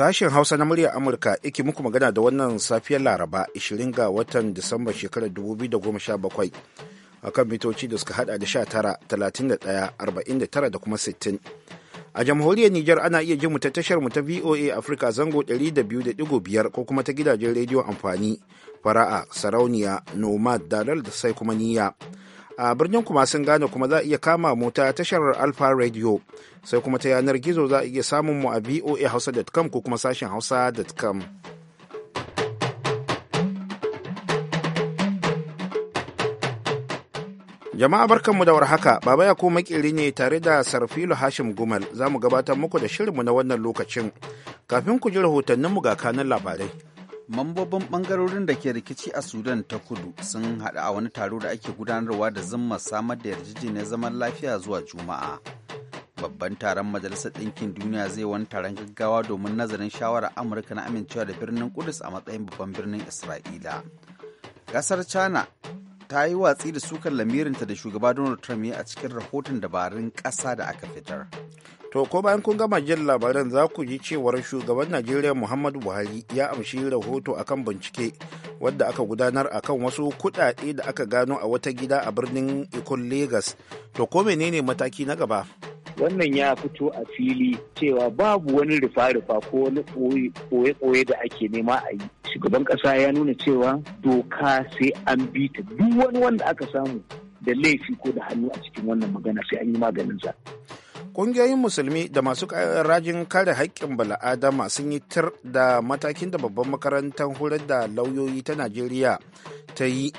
Sashen Hausa na muryar Amurka yake muku magana da wannan safiyar Laraba 20 ga watan Disamba shekarar 2017 a kan mitoci da suka hada da 19, 31, 49 da kuma 60. A jamhuriyar Nijar ana iya jin mu ta tashar mu ta VOA Afirka zango 200.5 ko kuma ta gidajen rediyo amfani fara'a, sarauniya, nomad, dalal da sai kuma niyya. a birnin kuma sun gane kuma za a iya kama mu ta tashar alfa radio sai kuma ta yanar gizo za a iya samun mu a voa ko kuma sashen hausa.com jama'a barkan mu da haka baba ya kuma makili ne tare da sarfilo hashim gumal za mu gabatar muku da shirinmu na wannan lokacin kafin ku ji rahotanninmu ga kanan labarai Mambobin bangarorin da ke rikici a Sudan ta kudu sun haɗu a wani taro da ake gudanarwa da zimma samar da yarjejeniyar zaman lafiya zuwa Juma'a. Babban taron Majalisar Ɗinkin Duniya zai wani taron gaggawa domin nazarin shawarar Amurka na amincewa da birnin Kudus a matsayin babban birnin Isra'ila. Ƙasar China ta yi watsi da sukar lamirinta da shugaba Donald Trump ya a cikin rahoton dabarun ƙasa da aka fitar. to ko bayan kun gama jin labaran za ku ji cewar shugaban najeriya muhammadu buhari ya amshi rahoto akan bincike wadda aka gudanar akan wasu kuɗaɗe da aka gano a wata gida a birnin ikon lagos to ko menene mataki na gaba wannan ya fito a fili cewa babu wani rufa-rufa ko wani koye-koye da ake nema a yi shugaban kasa ya nuna cewa doka sai an bi ta duk wani wanda aka samu da laifi ko da hannu a cikin wannan magana sai an yi maganin maganinsa kungiyoyin musulmi da masu rajin kare haƙƙin bala'adama sun yi tir da matakin da babban makarantar horar da lauyoyi ta Najeriya ta yi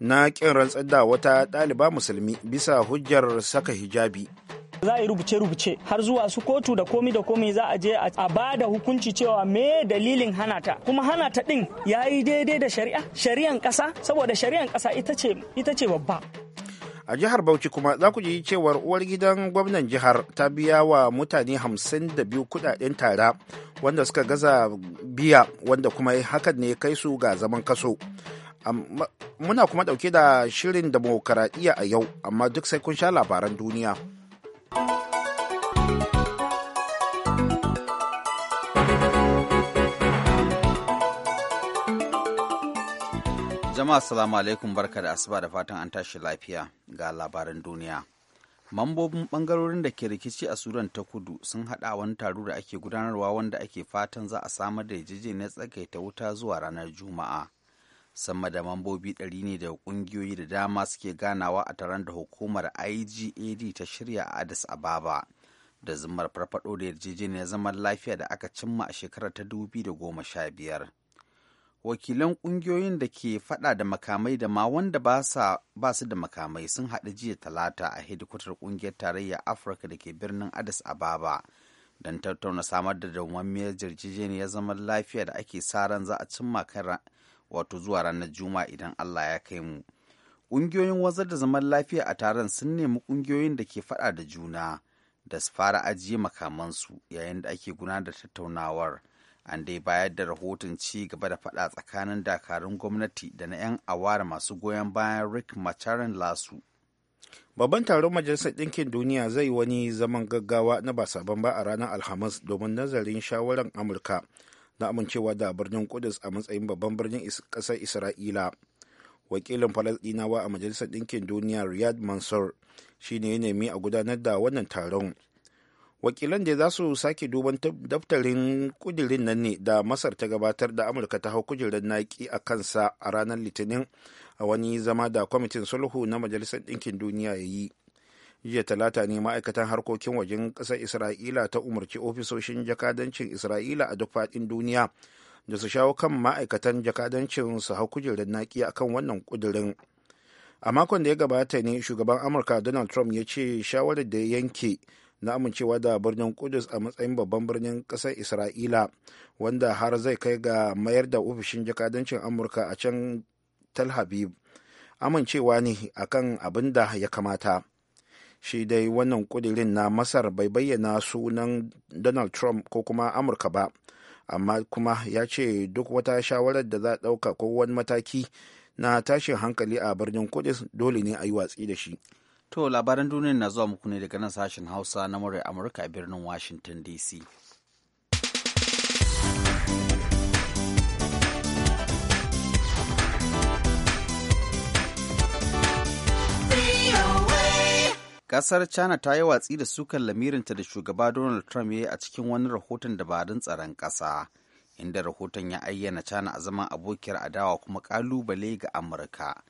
na ƙin rantsar da wata ɗaliba musulmi bisa hujjar saka hijabi. za a yi rubuce-rubuce har zuwa su kotu da komi da komi za a je a ba da hukunci cewa me dalilin hana ta kuma hana ta din ya yi daidai da shari'a shari'an ƙasa saboda shari'an ƙasa ita ce babba a jihar bauchi kuma za ku ji cewar uwar gidan gwamnan jihar ta biya wa mutane 52 kudaden tara wanda suka gaza biya wanda kuma hakan ne kai su ga zaman kaso muna kuma dauke da shirin demokaradiyya a yau amma duk sai kun sha labaran duniya Jama'a salamu alaikum barka da asuba da fatan an tashi lafiya ga labaran duniya. Mambobin bangarorin da ke rikici a Sudan ta kudu sun hada wani taro da ake gudanarwa wanda ake fatan za a samar da yarjejeniyar tsakaita wuta zuwa ranar Juma'a. Sama da mambobi ɗari ne da ƙungiyoyi da dama suke ganawa a taron da hukumar IGAD ta shirya a Addis Ababa. Da zumar farfaɗo da yarjejeniyar zaman lafiya da aka cimma a shekarar ta dubi da goma sha biyar. wakilan ƙungiyoyin da ke fada da makamai da ma wanda ba su da makamai sun haɗu jiya talata a hedikwatar ƙungiyar tarayya afirka da ke birnin addis ababa don tattauna samar da dawwammiyar ya zaman lafiya da ake sa ran za a cimma kan wato zuwa ranar juma'a idan allah ya kai mu ƙungiyoyin wazar da zaman lafiya a taron sun nemi ƙungiyoyin da ke fada da juna da su fara ajiye makamansu yayin da ake gudanar da tattaunawar an dai bayar da rahoton ci gaba da faɗa tsakanin dakarun gwamnati da na 'yan awara masu goyon bayan rick macharan lasu babban taron majalisar ɗinkin duniya zai wani zaman gaggawa na ba sabon ba a ranar alhamis domin nazarin shawarar amurka na amincewa da birnin kudus a matsayin babban birnin ƙasar isra'ila wakilin falasɗinawa a majalisar ɗinkin duniya riyad mansur shine ya nemi a gudanar da wannan taron wakilan da za su sake duban daftarin kudirin nan ne da masar ta gabatar da amurka ta hau kujerar naki a kansa a ranar litinin a wani zama da kwamitin sulhu na majalisar ɗinkin duniya ya yi jiya talata ne ma'aikatan harkokin wajen ƙasar isra'ila ta umarci ofisoshin jakadancin isra'ila a duk faɗin duniya da su shawo kan ma'aikatan jakadancin su hau kujerar naki a kan wannan kudirin a makon da ya gabata ne shugaban amurka donald trump ya ce shawarar da yanke na amincewa da birnin kudus a matsayin babban birnin ƙasar isra'ila wanda har zai kai ga mayar da ofishin jakadancin amurka a can tel habib amincewa ne a kan abin da ya kamata shi dai wannan kudirin na masar bai bayyana sunan donald trump ko kuma amurka ba amma kuma ya ce duk wata shawarar da za a ɗauka ko wani mataki na tashin hankali a birnin kudus dole ne a yi watsi da shi To labaran duniyar na zuwa muku ne daga nan sashen Hausa na murar Amurka a birnin Washington DC. Kasar China ta yi watsi da sukan lamirinta da shugaba Donald Trump ya yi a cikin wani rahoton dabarun tsaron ƙasa, inda rahoton ya ayyana China a zaman abokiyar adawa kuma ƙalubale ga Amurka.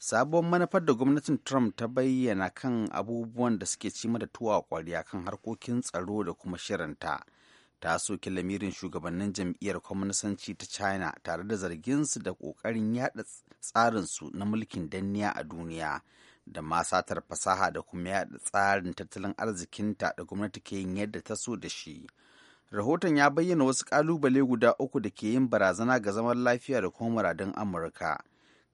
sabuwar manufar da gwamnatin trump ta bayyana kan abubuwan da suke ci mata tuwa kwariya kan harkokin tsaro da kuma shirinta ta soki lamirin shugabannin jam'iyyar kwamnisanci ta china tare da zarginsu da ƙoƙarin yada tsarinsu na mulkin danniya a duniya da masatar fasaha da kuma yada tsarin tattalin arzikinta da gwamnati ke yin yadda ta so da shi rahoton ya bayyana wasu ƙalubale guda uku da ke yin barazana ga zaman lafiya da kuma muradun amurka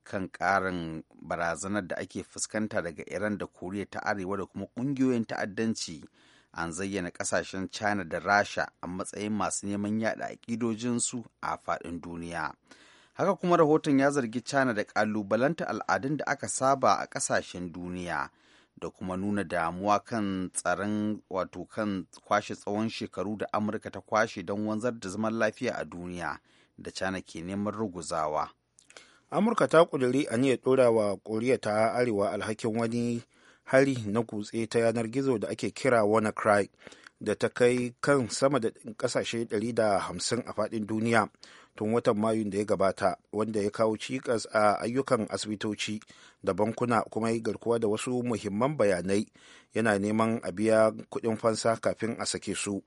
kan ƙarin barazanar da ake fuskanta daga iran da koriya ta arewa da kuma ƙungiyoyin ta'addanci an zayyana ƙasashen china da rasha a matsayin masu neman yada kidojinsu a faɗin duniya haka kuma rahoton ya zargi china da ƙalubalanta al'adun da aka saba a ƙasashen duniya da kuma nuna damuwa kan tsaron wato kan kwashe tsawon shekaru da amurka ta kwashe don wanzar da zaman lafiya a duniya da china ke neman ruguzawa amurka ta ƙudiri aniyar dora wa koriya ta arewa alhakin wani hari na kutse ta yanar gizo da ake kira wana cry da ta kai kan sama da ƙasashe 150 a fadin duniya tun watan mayun da ya gabata wanda ya kawo cikas a ayyukan asibitoci da bankuna kuma ya garkuwa da wasu muhimman bayanai yana neman a biya kudin fansa kafin a sake su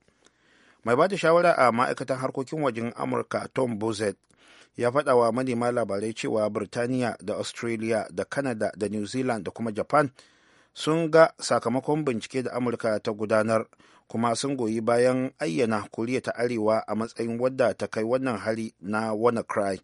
mai bata shawara a ma'aikatan harkokin wajen amurka tom bozet ya faɗa wa manema labarai cewa Birtaniya da Australia da Canada da New Zealand da kuma Japan sun ga sakamakon bincike da Amurka ta gudanar kuma sun goyi bayan ayyana Koriya ta Arewa a matsayin wadda ta kai wannan hari na WannaCry.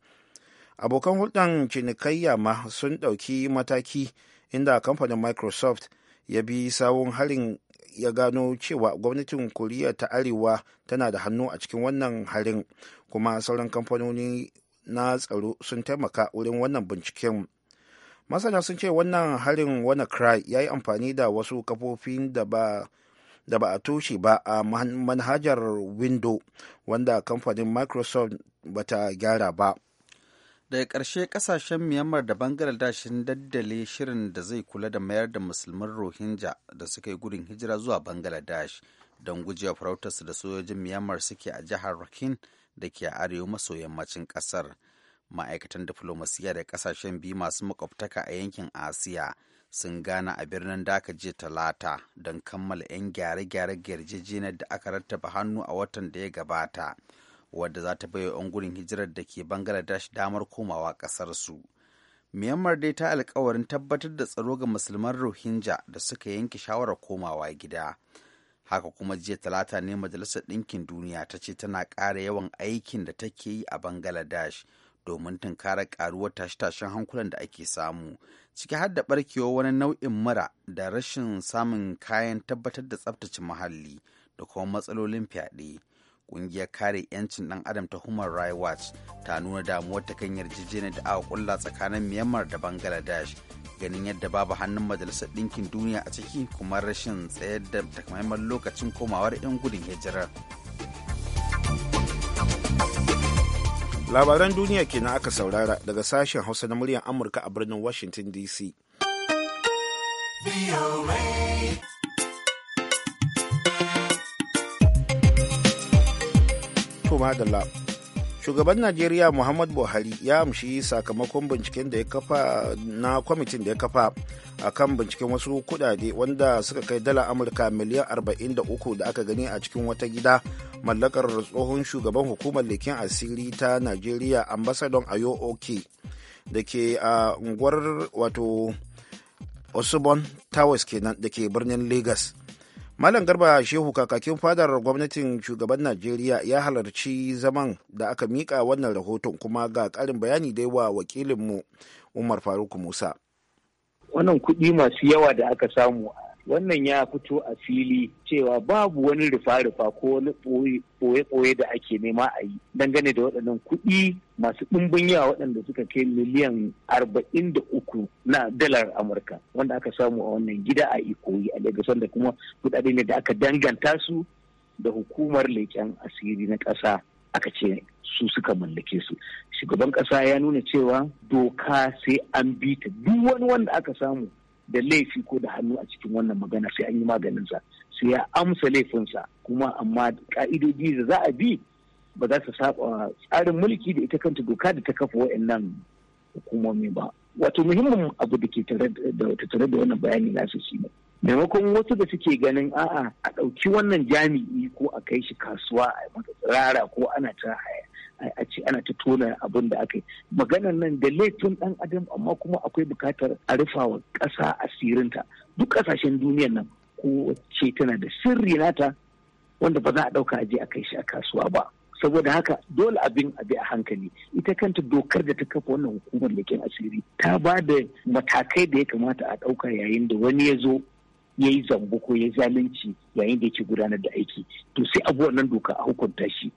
Abokan hulɗan cinikayya ma sun ɗauki mataki inda kamfanin Microsoft ya bi sawun harin ya gano cewa gwamnatin koriya ta arewa tana da hannu a cikin wannan harin kuma sauran kamfanoni na tsaro sun taimaka wurin wannan binciken masana sun ce wannan harin wani cry ya yi amfani da wasu kafofin da ba a toshe ba a manhajar window wanda kamfanin microsoft bata gyara ba daga ƙarshe ƙasashen myanmar da bangladesh sun daddale shirin da zai kula da mayar da musulman rohingya da suka yi gudun hijira zuwa bangladesh don gujewa farautarsu da sojojin myanmar suke a jihar rakhine da ke arewa maso yammacin ƙasar ma'aikatan diflomasiyya da ƙasashen biyu masu makwabtaka a yankin asiya sun gana a birnin daka jiya talata don kammala 'yan gyare-gyare yarjejeniyar da aka rattaba hannu a watan da ya gabata wadda za ta baiwa 'yan gudun hijirar da ke bangaladesh damar komawa su. myanmar dai ta alkawarin tabbatar da tsaro ga musulman rohingya da suka yanke shawarar komawa gida haka kuma jiya talata ne majalisar ɗinkin duniya ta ce tana ƙara yawan aikin da take yi a bangladesh domin tunkarar karuwar tashe-tashen hankulan da ake samu ciki har da barkewa wani nau'in mura da rashin samun kayan tabbatar da tsaftace muhalli da kuma matsalolin fyaɗe ƙungiyar kare 'yancin ɗan adam ta human rights watch ta nuna damuwar ta kan yarjejeniyar da aka kulla tsakanin myanmar da bangladesh ganin yadda babu hannun majalisar ɗinkin duniya a ciki kuma rashin tsayar da takamaiman lokacin komawar 'yan gudun hijirar. labaran duniya kenan aka saurara daga sashen hausa na muryar amurka a birnin washington dc kuma da shugaban najeriya muhammad buhari ya amshi sakamakon binciken da ya kafa na kwamitin da ya kafa a kan binciken wasu kudade wanda suka kai dala amurka miliyan 43 da aka gani a cikin wata gida mallakar tsohon shugaban hukumar leken asiri ta najeriya ambassadon ayo oke da ke a unguwar wato osibon towers kenan da ke birnin lagos Malam Garba Shehu kakakin fadar gwamnatin shugaban Najeriya ya halarci zaman da aka mika wannan rahoton kuma ga ƙarin bayani dai wa wakilinmu Umar Faruk Musa. Wannan kuɗi masu yawa da aka samu wannan ya fito a fili cewa babu wani rufa-rufa ko wani ɓoye-ɓoye da ake nema a yi dangane da waɗannan kuɗi masu ɗumbin yawa waɗanda suka kai miliyan arba'in da uku na dalar amurka wanda aka samu a wannan gida a ikoyi a lagos wanda kuma kuɗaɗe ne da aka danganta su da hukumar leƙen asiri na ƙasa aka ce su suka mallake su shugaban ƙasa ya nuna cewa doka sai an bi ta duk wani wanda aka samu da laifi ko da hannu a cikin wannan magana sai an yi maganinsa sai ya amsa laifinsa kuma amma ka'idodi da za a bi ba za su saba tsarin mulki da ita kanta doka da ta kafa wa'annan hukumomi ba wato muhimmin abu da ke tare da wannan bayani su shi ne maimakon wasu da suke ganin a'a a ɗauki wannan jami'i ko a kai shi kasuwa a tsirara ko ana ta haya a ce ana ta tona abin da aka yi maganar nan da laifin ɗan adam amma kuma akwai bukatar a wa ƙasa asirinta duk ƙasashen duniyar nan Ko kowace tana da sirri nata wanda ba za a ɗauka aje a kai shi a kasuwa ba saboda haka dole abin a bi a hankali ita kanta dokar da ta kafa wannan hukumar leƙen asiri ta ba da matakai da ya kamata a ɗauka yayin da wani ya zo ya yi zambo ko ya zalunci yayin da yake gudanar da aiki to sai abu nan doka a hukunta shi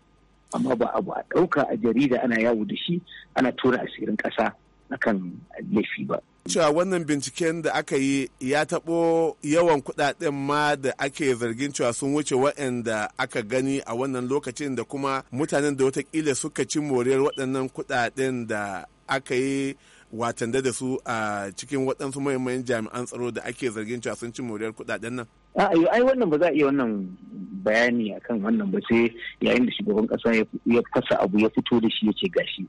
amma ba abu a ɗauka a jarida ana yawo da shi ana tura asirin ƙasa na kan laifi ba. cewa wannan binciken da aka yi ya taɓo yawan kuɗaɗen ma da ake zargin cewa sun wuce waɗanda aka gani a wannan lokacin da kuma mutanen da watakila suka ci moriyar waɗannan kuɗaɗen da aka yi watanda da su a cikin waɗansu mahimman jami'an tsaro da ake zargin cewa sun ci moriyar kuɗaɗen nan. a'a ai wannan ba za a iya wannan bayani akan wannan ba sai yayin da shugaban kasa ya fasa abu ya fito da shi ya ce gashi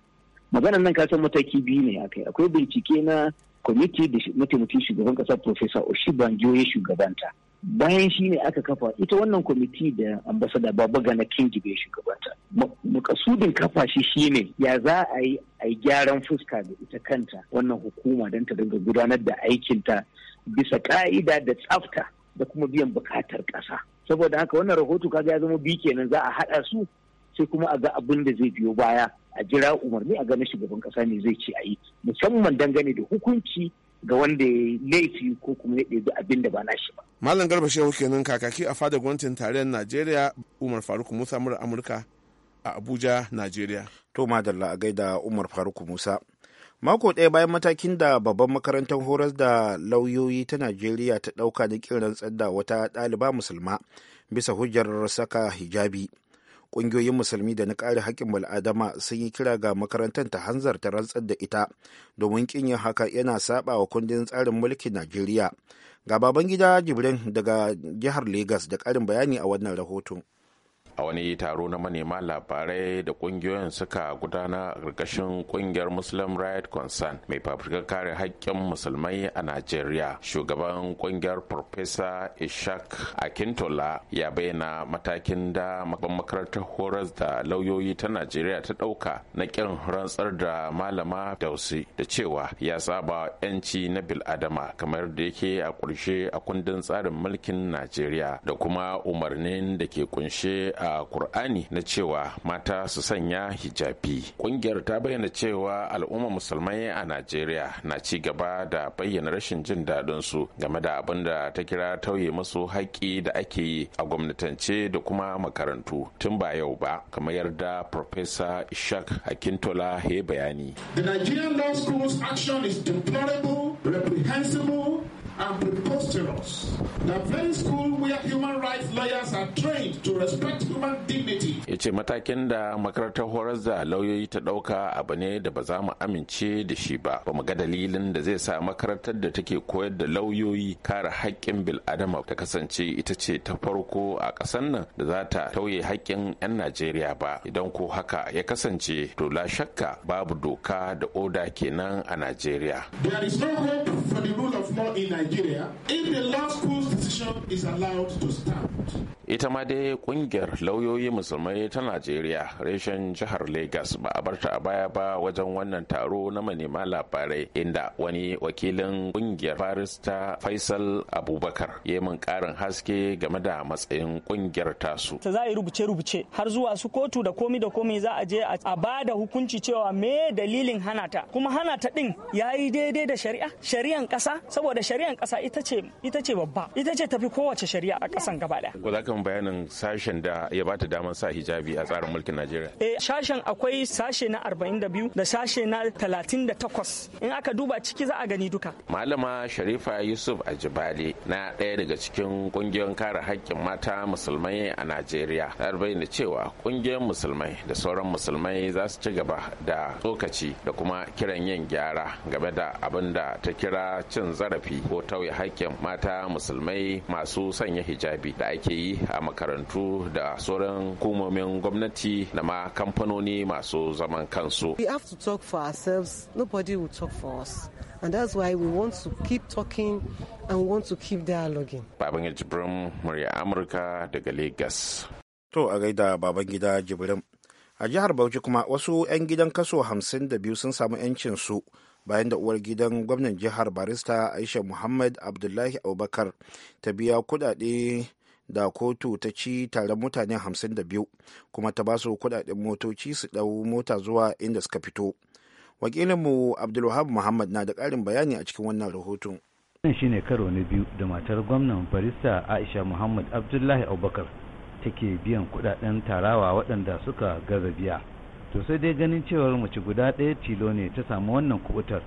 maganan nan kasan mataki biyu ne akai akwai bincike na kwamiti da mataimakin shugaban kasa Profesa oshibanjo ya shugabanta bayan shi ne aka kafa ita wannan kwamiti da ambasada babaga na ya shugabanta makasudin kafa shi ne. ya za a yi a gyaran fuska da ita kanta wannan hukuma don ta dinga gudanar da aikinta bisa ka'ida da tsafta da kuma biyan bukatar ƙasa saboda haka wannan rahoto kaga ya zama biyu kenan za a haɗa su sai kuma a ga abin da zai biyo baya a jira umarni a ga shugaban ƙasa ne zai ce a yi musamman dangane da hukunci ga wanda ya laifi ko kuma ya ɗebi abin da ba na shi ba. Malam Garba Shehu kenan kakaki a fadar gwamnatin tarayyar Najeriya Umar Faruk Musa murar Amurka a Abuja, Najeriya. To madalla a gaida Umar Faruk Musa. mako ɗaya bayan matakin da babban makarantar horas da lauyoyi ta najeriya ta ɗauka da rantsar da wata ɗaliba musulma bisa hujjar saka hijabi ƙungiyoyin musulmi da na kare haƙƙin bal'adama sun yi kira ga makarantar ta hanzarta rantsar da ita domin ƙin yin haka yana saɓa wa kundin tsarin mulkin najeriya ga baban gida jibrin daga jihar lagos da ƙarin bayani a wannan rahoton a wani taro na manema labarai da kungiyoyin suka gudana a ƙarƙashin kungiyar muslim right concern mai fafirkar kare haƙƙin musulmai a najeriya shugaban kungiyar Profesa ishak akintola ya bayyana matakin da babban makarantar horas da lauyoyi ta najeriya ta ɗauka na ƙin rantsar da malama dausi da cewa ya saba 'yanci na bil'adama kamar da yake a ƙunshe a kundin tsarin mulkin najeriya da kuma umarnin da ke kunshe a a Kur'ani na cewa mata su sanya hijabi. Kungiyar ta bayyana cewa al'umma musulmai a Najeriya na ci gaba da bayyana rashin jin daɗin su game da abin da ta kira tauye musu haƙƙi da ake yi a gwamnatance da kuma makarantu tun ba yau ba kamar yarda Professor Ishak hakintola ya bayani. The Nigerian law school's action is deplorable, reprehensible, and preposterous. The very school where human rights lawyers are trained to respect human dignity. Ya ce matakin da makarantar horar da lauyoyi ta ɗauka abu ne da ba za mu amince da shi ba. Ba mu ga dalilin da zai sa makarantar da take koyar da lauyoyi kare haƙƙin bil'adama ta kasance ita ce ta farko a ƙasar nan da za ta tauye haƙƙin 'yan Najeriya ba. Idan ko haka ya kasance to la shakka babu doka da oda kenan a Najeriya. There is no hope for the rule of law in Nigeria if the law school's decision is allowed to stand. ita ma dai kungiyar lauyoyi musulmai ta najeriya reshen jihar lagos ba a barta a baya ba wajen wannan taro na manema labarai inda wani wakilin kungiyar ta faisal abubakar ya min karin haske game da matsayin kungiyar tasu ta za a yi rubuce rubuce har zuwa su kotu da komi da komi za a je a ba da hukunci cewa me dalilin hana ta kuma hana ta din ya yi daidai da shari'a shari'an kasa saboda shari'an kasa ita ce ita ce babba ita ce tafi kowace shari'a a kasan gaba daya kan bayanin sashen da ya bata damar sa hijabi a tsarin mulkin Najeriya. Eh sashen akwai sashe na 42 da sashe na 38 in aka duba ciki za a gani duka. Malama Sharifa Yusuf Ajibale na ɗaya daga cikin kungiyoyin kare haƙƙin mata musulmai a Najeriya. Ta bayyana cewa kungiyoyin musulmai da sauran musulmai za su ci gaba da tsokaci da kuma kiran yin gyara game da abin da ta kira cin zarafi ko tauye haƙƙin mata musulmai masu sanya hijabi da ake yi a makarantu da sauran hukumomin gwamnati da ma kamfanoni masu zaman kansu. We have to talk for ourselves, nobody will talk for us. And that's why we want to keep talking and want to keep dialoguing. Babangida Jibrim, murya Amurka daga Lagos. To a gaida Babangida Jibrim. A jihar Bauchi kuma wasu 'yan gidan kaso hamsin da biyu sun samu 'yancin su bayan da uwar gidan gwamnan jihar barista Aisha Muhammad Abdullahi Abubakar ta biya kudade da kotu ta ci taron mutane 52 kuma ta ba su kudaden motoci su dau mota zuwa inda suka fito wakilinmu abdulwahab muhammad na da karin bayani a cikin wannan rahoton wannan shine karo na biyu da matar gwamnan barista aisha muhammad abdullahi abubakar take biyan kudaden tarawa waɗanda suka gaza biya to sai dai ganin cewar mace guda ɗaya tilo ne ta samu wannan kubutar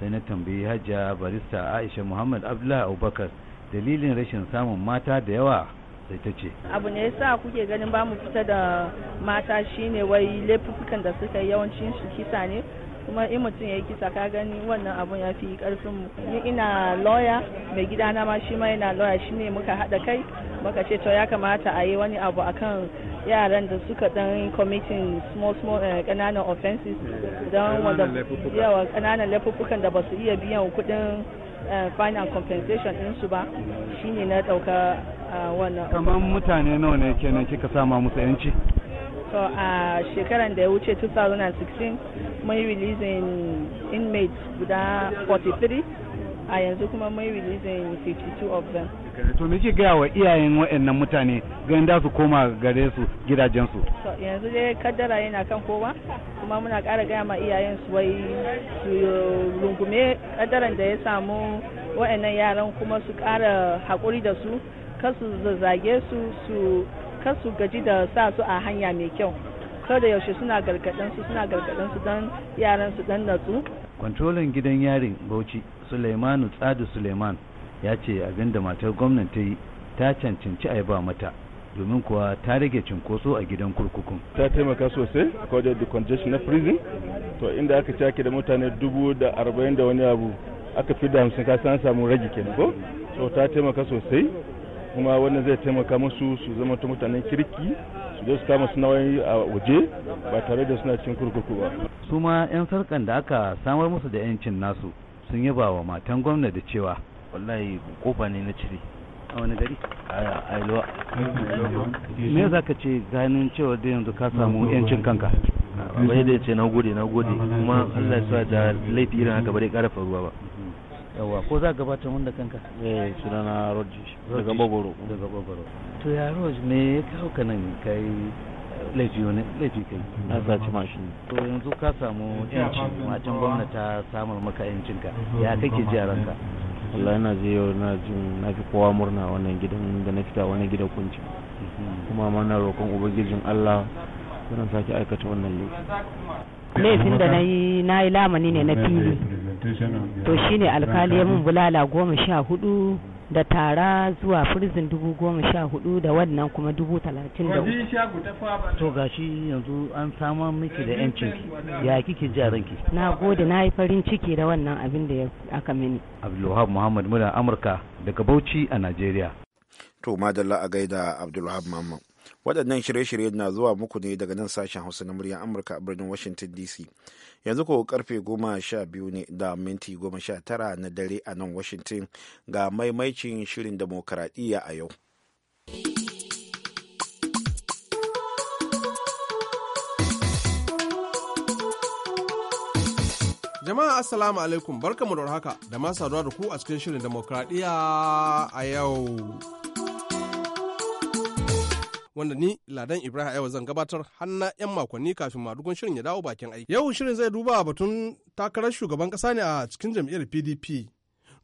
sai na tambayi hajjiya barista aisha muhammad abdullahi abubakar dalilin rashin samun mata da yawa ta ce abu ne yasa kuke ganin ba mu fita da mata shine wai laifukan da suka yi yawancin su kisa ne kuma in mutum ya yi kisa ka gani wannan abun ya fi karfin mu ni ina lawyer mai gidana ma shi ma yana lawyer shine muka haɗa kai muka ce to ya kamata a yi wani abu akan yaran da suka dan committing small small kananan eh, offenses don wanda yawa kananan laifukan da ba su iya biyan kuɗin Uh, fine and compensation din su ba shine na dauka uh, wannan kamar mutane nawa ne kenan kika sama musu yanci to a shekaran da ya wuce 2016 mun yi releasing inmates guda 43 a yanzu kuma mai releasing 52 of them to me ce gaya wa iyayen waɗannan mutane ganin da su koma gare su gidajensu yanzu dai kaddara yana kan kowa kuma muna kara gaya ma iyayen su wai su rungume kaddaran da ya samu waɗannan yaran kuma su ƙara haƙuri da su kasu zazzage su su kasu gaji da sa su a hanya mai kyau kada yaushe suna gargadansu suna gargaɗin don yaran su dan natsu kwantrolin gidan yarin bauchi suleimanu tsadu suleiman ya ce abin da matar gwamnan ta yi ta cancanci a ba mata domin kuwa ta rage cinkoso a gidan kurkukun ta taimaka sosai a da congestion na prison to inda aka cake da mutane dubu da arba'in da wani abu aka fi da hamsin kasan samu rage kenan ko so ta taimaka sosai kuma wannan zai taimaka musu su zama ta mutanen kirki su je su kama suna a waje ba tare da suna cin kurkuku ba su ma 'yan sarkan da aka samar musu da 'yancin nasu sun yaba wa matan gwamna da cewa wallahi kofa ne na cire a wani gari a ailuwa me za ka ce ganin cewa da yanzu ka samu yancin kanka wani da ce na gode na gode kuma allah sa da laifi irin haka ba dai ƙara faruwa ba yawa ko za ka gabatar wanda kanka eh sunana rojish daga bogoro daga bogoro to ya roj me ya kawo ka nan kai laifi wani laifi kai na saci mashin to yanzu ka samu yanci matan gwamna ta samar maka yancinka ya kake ji a ranka Allah yana ji yau na jin na fi kowa murna wannan gidan da na fita wani gidan kunci mhm. kuma mana roƙon ubangijin Allah yana sake aikata wannan laifi laifin da na yi na yi lamani ne na fili to shine alkali ya mun bulala goma sha hudu da tara zuwa firzin dubu goma sha hudu da wannan kuma dubu talatin da to gashi yanzu an samar miki da yancin ya kike ji a ranki na gode na yi farin ciki da wannan abin da aka mini abdulwahab muhammad muna amurka daga bauchi a najeriya to madalla a gaida abdulwahab muhammad waɗannan shirye shiryen na zuwa muku ne daga nan sashen hausa na muryar amurka a birnin washington dc yanzu ko karfe goma sha biyu ne da minti goma sha tara na dare a nan washington ga maimaicin shirin demokaradiyya a yau jama'a assalamu alaikum barkamu da haka da masu saduwa da ku a cikin shirin demokradiyya a yau wanda ni Ladan Ibrahim yau zan gabatar har 'yan makonni kafin madugun shirin ya dawo bakin aiki. Yau shirin zai duba batun takarar shugaban kasa ne a cikin jam'iyyar PDP.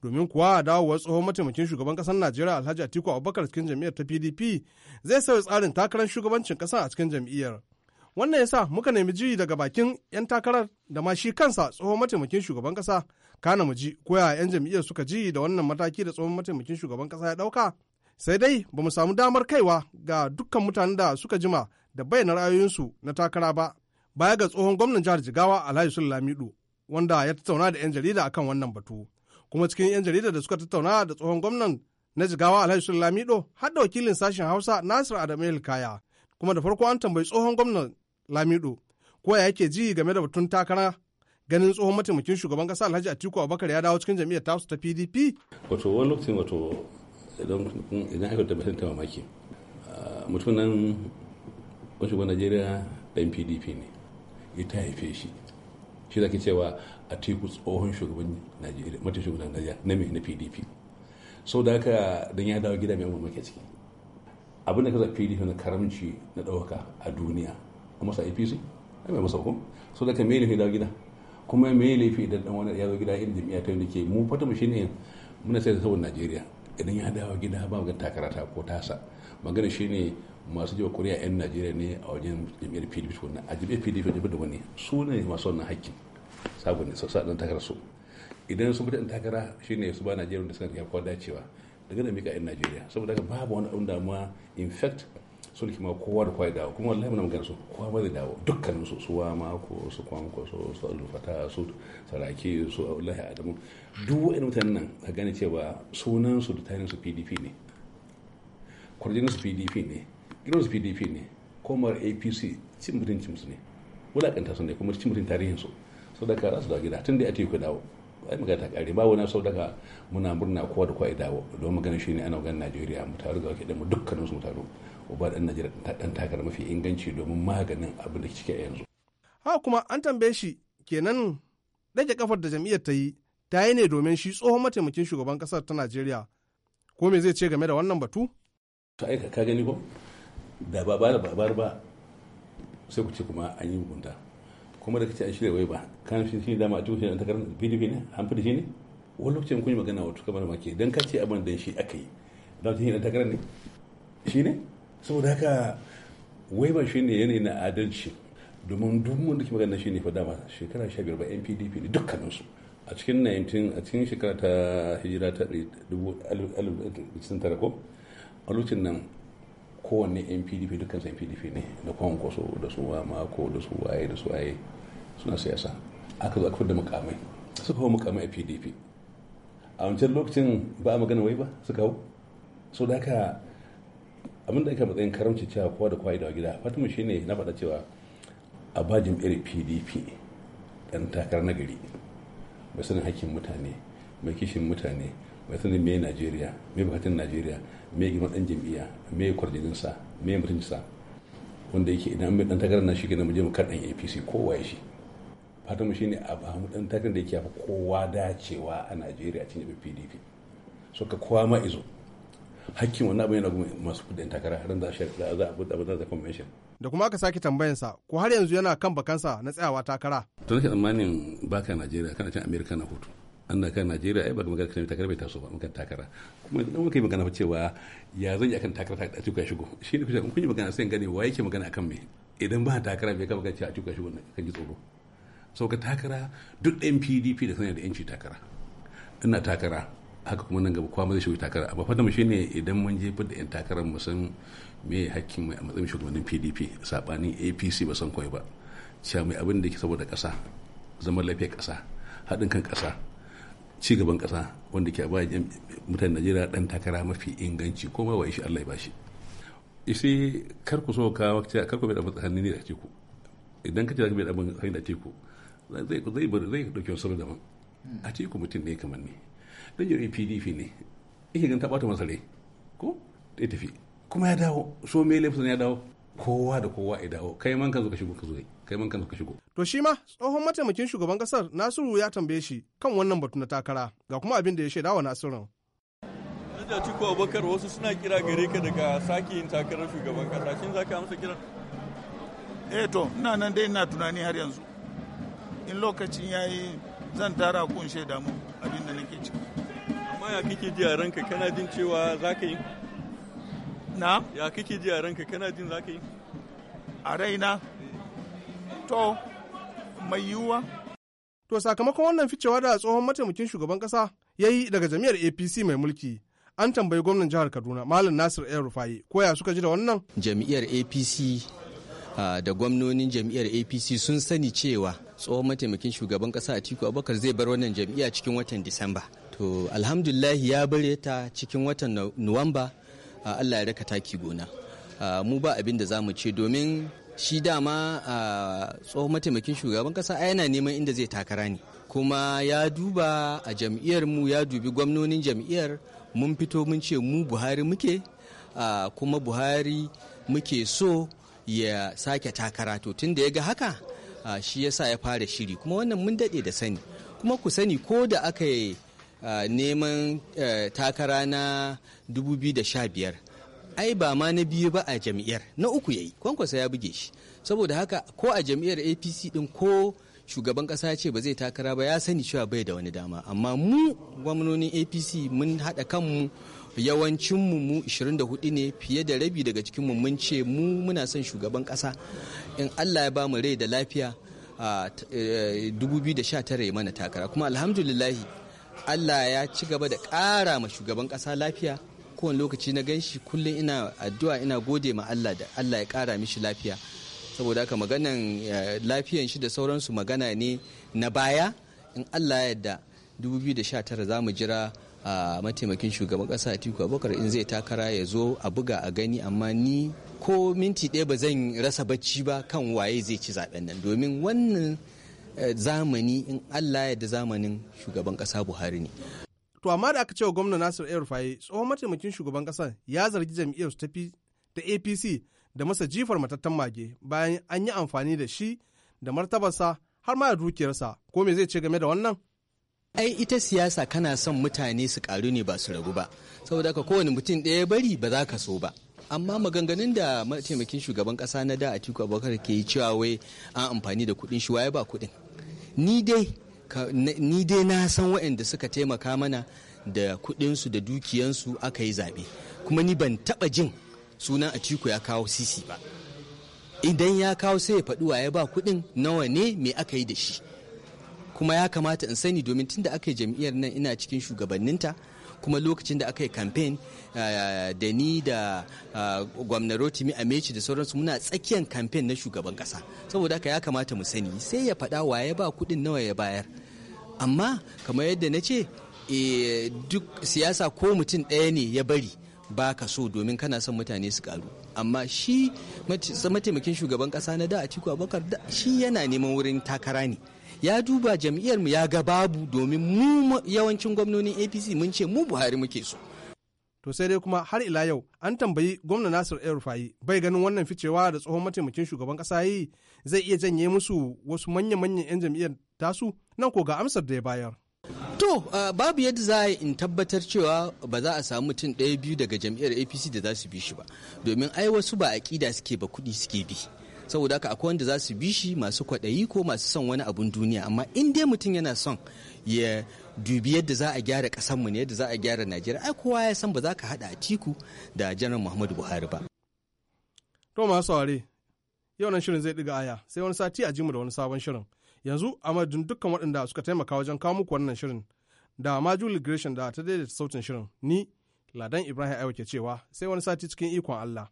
Domin kuwa dawowar tsohon mataimakin shugaban kasar Najeriya Alhaji Atiku Abubakar cikin jam'iyyar ta PDP zai sauya tsarin takarar shugabancin kasa a cikin jam'iyyar. Wannan yasa muka nemi ji daga bakin 'yan takarar da ma shi kansa tsohon mataimakin shugaban kasa kana mu ji ko ya 'yan jam'iyyar suka ji da wannan mataki da tsohon mataimakin shugaban kasa ya dauka sai dai ba mu samu damar kaiwa ga dukkan mutanen da suka jima da bayyana ra'ayoyinsu na takara ba baya ga tsohon gwamnan jihar jigawa alhaji sun wanda ya tattauna da 'yan jarida akan wannan batu kuma cikin 'yan jarida da suka tattauna da tsohon gwamnan na jigawa alhaji sun har da wakilin sashen hausa nasir adamu kaya kuma da farko an tambayi tsohon gwamnan lamido ko ya yake ji game da batun takara ganin tsohon mataimakin shugaban kasa alhaji atiku abubakar ya dawo cikin jam'iyyar tasu ta pdp wato wani lokacin wato idan aka tabbatar ah, ta mamaki mutum nan wasu ba najeriya dan pdp ne ita haife shi shi da ke cewa a teku tsohon shugaban najeriya mata shugaban najeriya na mai na pdp sau da haka don ya dawo gida mai amma mamaki ciki abin da ka zafi pdp na karamci na ɗauka a duniya a masa apc a mai masa hukum sau da ka mai nufi dawo gida kuma mai laifi idan dan wani ya zo gida irin jami'a ta yadda ke mu fata mu shine muna sai da saboda najeriya idan ya dawo gida ba ga takara ta ko tasa magana shine masu jiwa kuriya 'yan najeriya ne a wajen jam'iyyar pdp wannan a jam'iyyar pdp wajen da wani su ne masu wannan hakki sabon ne sassa dan takarar su idan sun fita takara shine su ba najeriya da suka yarda dacewa daga da mika 'yan najeriya saboda babu wani abin damuwa in fact sulhi ma kowa da kowa ya dawo kuma wallahi muna magana su kowa ba zai dawo dukkanin su suwa mako su kwanko su su alfata su sarake su wallahi adamu duk wa'in mutanen nan ka gane cewa sunan su da tarin su pdp ne kwarjinin su pdp ne gidan su pdp ne kuma apc cin mutuncin su ne wulakanta su ne kuma cin mutuncin tarihin su sadaka za su dawo gida tun da ya teku dawo ai magana ta kare ba wani sau muna murna kowa da kowa ya dawo don magana shine ana magana Najeriya mu taru ga wakilin mu dukkanin su mu taru uba dan Najeriya dan takar mafi inganci domin maganin abin da cike yanzu ha kuma an tambaye shi kenan dake kafar da jam'iyyar ta yi ta yi ne domin shi tsohon mataimakin shugaban kasar ta Najeriya ko me zai ce game da wannan batu to ai ka gani ko da ba ba ba sai ku ce kuma an yi mugunta kuma da kace an shirya wai ba kan shi shi dama a shi an takarar PDP ne an fi da shi ne wani lokacin kun yi magana wato kamar ma ke dan ka ce abin dan shi aka yi dan shi an takarar ne shi ne saboda haka wai ba shi ne yanayi na adalci domin duk mun da ke magana shi ne fa dama shekara 15 ba NPDP ne dukkaninsu a cikin 19 a cikin shekara ta hijira ta 1900 a lokacin nan kowanne yan pdp dukkan su yan pdp ne da kwan kwaso da su ma mako da su waye da su waye suna siyasa aka zo aka da mukamai suka hau mukamai a pdp a wancan lokacin ba a magana wai ba suka hau so da haka abin da aka matsayin karamci cewa kowa da kowa da gida fatima shi ne na faɗa cewa a ba iri pdp ɗan takarar nagari mai sanin hakkin mutane mai kishin mutane bai sanin me najeriya me bukatun najeriya me girman dan jam'iyya me kwarjininsa me mutuncinsa wanda yake idan mai dan takarar na shi ke mu je mu apc kowa ya shi fatan mu ne a bamu dan takarar da yake kowa dacewa a najeriya cin yabi pdp so ka kowa ma izo hakkin wannan abin yana gumi masu kudin takara ran za a za a buɗe abin da convention da kuma aka sake tambayansa ko har yanzu yana kan bakansa na tsayawa takara to nake tsammanin baka najeriya kana cin amerika na hutu an na kan najeriya ai ba magana kan takara bai taso ba magana takara kuma idan muka yi magana cewa ya zan yi akan takara ta tuka shigo shi ne kun yi magana sai gane wa yake magana akan me idan ba takara bai ka magana cewa tuka shigo kan ji tsoro sau ka takara duk ɗan pdp da sanar da yanci takara ina takara haka kuma nan gaba kwama zai shigo takara amma fata mu ne idan mun je da yan takarar mu san me hakkin mai a matsayin shugabannin pdp sabanin apc ba san kawai ba cewa mai abin da ke saboda ƙasa zaman lafiyar ƙasa haɗin kan ƙasa cigaban kasa wanda ke ba mutanen najeriya dan takara mafi inganci ko ma wa ishi allah ya bashi isi kar ku so ka wakce kar ku bai dafa tsakanin ne da teku idan ka ce zaka bai dafa tsakanin da teku zai zai bari zai dauke wasu daban hmm. a teku mutum ne kamar ne dan jami'in pdp ne yake gan ta bata ko ta tafi kuma ya dawo so me laifin ya dawo kowa da kowa ya dawo kai man ka zo ka shigo ka zo yi kai man kanka ka shigo. To shi ma tsohon mataimakin shugaban kasar Nasiru ya tambaye shi kan wannan batu na takara ga kuma abin da ya shaidawa wa Nasiru. da Tiko Abubakar wasu suna kira gare ka daga sake yin takarar shugaban kasa shin za ka amsa kiran? Eh to ina nan dai ina tunani har yanzu. In lokacin yayi zan tara kun shaida mu abin da nake ciki. Amma ya kike ji a ranka kana jin cewa za ka yi? Na? Ya kike ji a ranka kana jin za ka yi? A raina? Eh. to mai yiwuwa to sakamakon wannan ficewa da tsohon mataimakin shugaban kasa ya yi daga jami'ar apc mai mulki an tambayi gwamnan jihar kaduna malam nasir el rufai ya suka ji da wannan jami'ar apc ah, da gwamnonin jami'ar apc sun sani cewa tsohon mataimakin shugaban kasa atiku abubakar zai bar wannan jami'a cikin watan disamba to alhamdulahi ya bare ta cikin watan nuwamba ah, allah ya raka taki gona ah, mu ba abin da za mu ce domin shi dama a tsohon mataimakin shugaban kasa yana neman inda zai takara ne kuma ya duba a jam'iyyar mu ya dubi gwamnonin jam'iyyar mun fito mun ce mu buhari muke kuma buhari muke so ya sake takara to tun da ya ga haka shi ya sa ya fara shiri kuma wannan mun daɗe da sani kuma ku sani ko da aka yi neman eh, takara na 2015 ai ba ma na biyu ba a jam'iyyar na uku yayi kwankwasa ya buge shi saboda haka ko a jam'iyyar apc din ko shugaban kasa ce ba zai takara ba ya sani cewa bai da wani dama amma mu gwamnonin apc mun haɗa kanmu Yawancin mu mu 24 ne fiye da rabi daga cikin mu mun ce mu muna son shugaban kasa in allah ya ba mu rai da lafiya a 2019 eh, mana takara kuma alhamdulillah allah ya ci gaba da ƙara ma shugaban ƙasa lafiya kowane lokaci na ganshi kullum ina addu'a ina gode ma Allah da Allah ya kara mishi lafiya saboda haka maganan eh, lafiyan shi da sauransu magana ne na baya in Allah ya yarda 2019 za mu jira a mataimakin shugaban kasa Atiku Abubakar in zai takara ya zo a buga a gani amma ni ko minti ɗaya ba zan rasa bacci ba kan waye zai ci zaben nan domin wannan eh, zamani in Allah ya yarda zamanin shugaban kasa Buhari ne To amma da aka cewa wa gwamna Nasir El Rufai tsohon mataimakin shugaban kasar ya zargi jam'iyyar su tafi da APC da masa jifar matattan mage bayan an yi amfani da shi da martabarsa har ma da dukiyarsa ko me zai ce game da wannan? ai ita siyasa kana son mutane su karu ne ba su ragu ba saboda haka kowane mutum ɗaya bari ba za ka so ba amma maganganun da mataimakin shugaban kasa na da atiku abubakar ke yi cewa wai an amfani da kuɗin shi waye ba kuɗin ni dai ni dai na san waɗanda suka taimaka mana da kuɗinsu da dukiyansu aka yi zaɓe kuma ni ban taɓa jin sunan ciko ya kawo sisi ba idan ya kawo sai ya faɗi waye ba kuɗin nawa ne me aka yi da shi kuma ya kamata in sani domin tunda aka yi jam'iyyar nan ina cikin shugabanninta kuma lokacin da aka yi kamfen eh, da ni da eh, gwamna rotimi amechi da sauransu muna tsakiyar kamfen na shugaban kasa saboda haka ya kamata mu sani sai ya faɗa wa ya ba kuɗin nawa ya bayar amma kamar yadda na ce eh, duk siyasa ko mutum ɗaya ne ya bari ba ka so domin kana son mutane su karu amma shi mataimakin shugaban ƙasa na da atiku abubakar shi yana neman wurin takara ne ya duba jam'iyyar mu ya ga babu domin mu yawancin gwamnonin apc mun ce mu buhari muke so to sai dai kuma har ila yau an tambayi gwamna nasir el rufai bai ganin wannan ficewa da tsohon mataimakin shugaban ƙasa yi zai iya janye musu wasu manya-manyan 'yan jam'iyyar tasu nan ko ga amsar da ya bayar. To babu yadda za a in tabbatar cewa ba za a samu mutum ɗaya biyu daga jam'iyyar APC da za su bi shi ba domin ai wasu ba a aƙida suke ba kuɗi suke bi. saboda haka akwai wanda za su bi shi masu kwaɗayi ko masu son wani abun duniya amma in dai mutum yana son ya dubi yadda za a gyara ƙasanmu ne yadda za a gyara najeriya ai kowa ya san ba za ka haɗa a tiku da janar muhammadu buhari ba to masu saurare yau nan shirin zai ɗiga aya sai wani sati a jimu da wani sabon shirin yanzu a madadin dukkan waɗanda suka taimaka wajen kawo muku wannan shirin da majuli gresham da ta daidaita sautin shirin ni ladan ibrahim aiwa ke cewa sai wani sati cikin ikon allah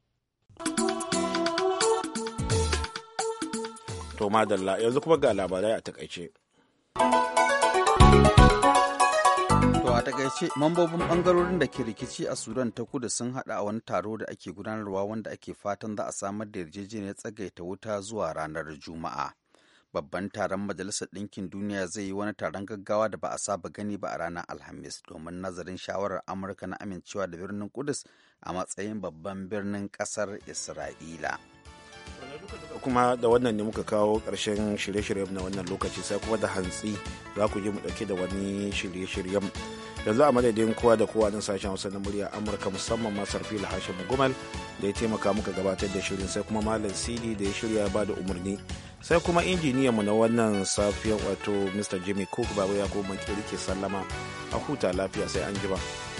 to madalla yanzu kuma ga labarai a takaice To a takaice mambobin bangarorin da ke rikici a Sudan ta kudu sun hada a wani taro da ake gudanarwa wanda ake fatan za a samar da yarjejeniyar tsagaita wuta zuwa ranar Juma'a. Babban taron Majalisar Ɗinkin Duniya zai yi wani taron gaggawa da ba a saba gani ba a ranar Alhamis domin nazarin shawarar Amurka na amincewa da birnin Kudus a matsayin babban birnin ƙasar Isra'ila. kuma da wannan ne muka kawo ƙarshen shirye-shiryen na wannan lokaci sai kuma da hantsi za ku ji mu ɗauke da wani shirye-shiryen yanzu a madadin kowa da kowa nan sashen hausa na murya amurka musamman ma sarfil hashim gumal da ya taimaka muka gabatar da shirin sai kuma malam sidi da ya shirya ba da umarni sai kuma injiniyan mu na wannan safiyar wato mr jimmy cook babu ya ko makeri sallama a huta lafiya sai an jima.